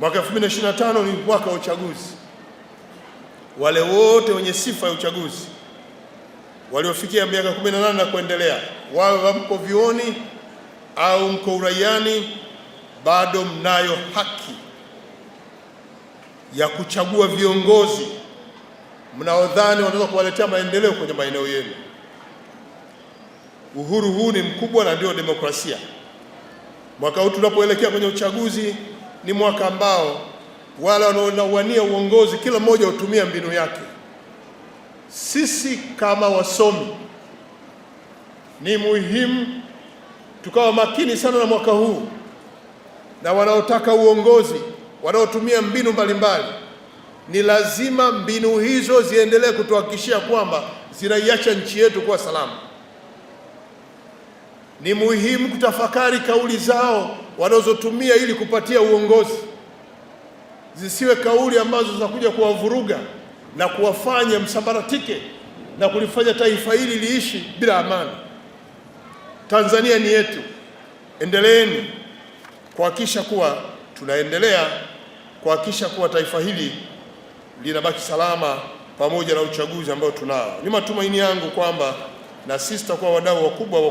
Mwaka 2025 ni mwaka wa uchaguzi. Wale wote wenye sifa ya uchaguzi waliofikia miaka 18 na kuendelea, wawe mko vioni au mko uraiani, bado mnayo haki ya kuchagua viongozi mnaodhani wanaweza kuwaletea maendeleo kwenye maeneo yenu. Uhuru huu ni mkubwa na ndio demokrasia. Mwaka huu tunapoelekea kwenye uchaguzi ni mwaka ambao wale wanaowania uongozi kila mmoja hutumia mbinu yake. Sisi kama wasomi, ni muhimu tukawa makini sana na mwaka huu na wanaotaka uongozi wanaotumia mbinu mbalimbali mbali. Ni lazima mbinu hizo ziendelee kutuhakikishia kwamba zinaiacha nchi yetu kuwa salama. Ni muhimu kutafakari kauli zao wanazotumia ili kupatia uongozi, zisiwe kauli ambazo zinakuja kuwavuruga na kuwafanya msambaratike na kulifanya taifa hili liishi bila amani. Tanzania ni yetu, endeleeni kuhakikisha kuwa tunaendelea kuhakikisha kuwa taifa hili linabaki salama pamoja na uchaguzi ambao tunao. Ni matumaini yangu kwamba na sisi tutakuwa wadau wakubwa wa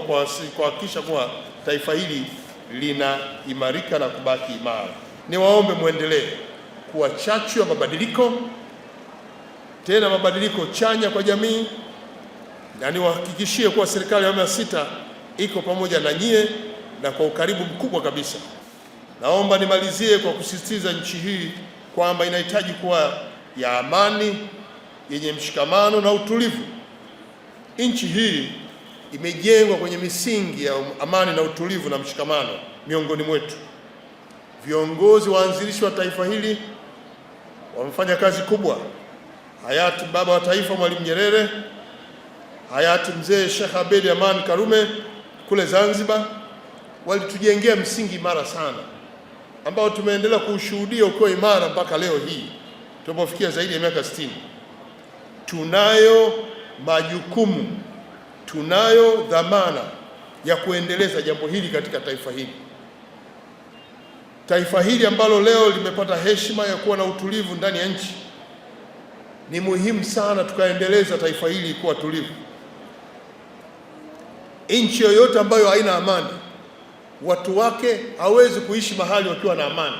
kuhakikisha kuwa taifa hili linaimarika na kubaki imara. Niwaombe mwendelee kuwa chachu ya mabadiliko, tena mabadiliko chanya kwa jamii, na niwahakikishie kuwa serikali ya awamu ya sita iko pamoja na nyie na kwa ukaribu mkubwa kabisa. Naomba nimalizie kwa kusisitiza nchi hii kwamba inahitaji kuwa ya amani yenye mshikamano na utulivu. Nchi hii imejengwa kwenye misingi ya um-, amani na utulivu na mshikamano miongoni mwetu. Viongozi waanzilishi wa taifa hili wamefanya kazi kubwa, hayati baba wa taifa Mwalimu Nyerere, hayati mzee Sheikh Abedi Aman Karume kule Zanzibar, walitujengea msingi imara sana ambao tumeendelea kuushuhudia ukiwa imara mpaka leo hii tunapofikia zaidi ya miaka 60. Tunayo majukumu tunayo dhamana ya kuendeleza jambo hili katika taifa hili, taifa hili ambalo leo limepata heshima ya kuwa na utulivu ndani ya nchi. Ni muhimu sana tukaendeleza taifa hili kuwa tulivu. Nchi yoyote ambayo haina amani, watu wake hawezi kuishi mahali wakiwa na amani.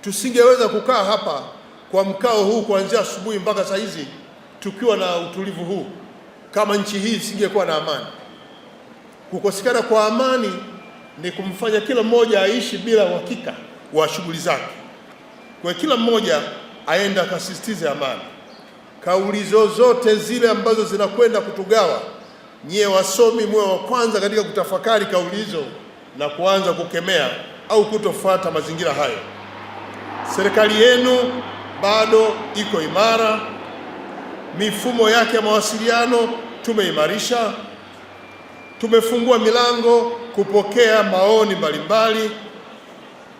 Tusingeweza kukaa hapa kwa mkao huu kuanzia asubuhi mpaka saa hizi tukiwa na utulivu huu kama nchi hii isingekuwa na amani. Kukosekana kwa amani ni kumfanya kila mmoja aishi bila uhakika wa shughuli zake. Kwa kila mmoja aenda akasisitize amani. Kauli zozote zile ambazo zinakwenda kutugawa, nyie wasomi muwe wa kwanza katika kutafakari kauli hizo na kuanza kukemea au kutofuata mazingira hayo. Serikali yenu bado iko imara mifumo yake ya mawasiliano tumeimarisha, tumefungua milango kupokea maoni mbalimbali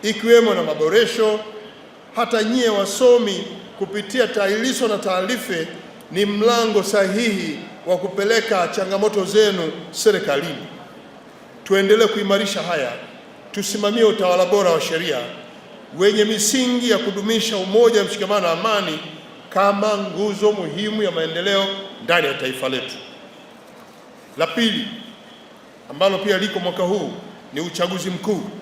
ikiwemo na maboresho. Hata nyie wasomi kupitia TAHLISO na TAHLIFE ni mlango sahihi wa kupeleka changamoto zenu serikalini. Tuendelee kuimarisha haya, tusimamie utawala bora wa sheria wenye misingi ya kudumisha umoja, mshikamano na amani kama nguzo muhimu ya maendeleo ndani ya taifa letu. La pili ambalo pia liko mwaka huu ni uchaguzi mkuu.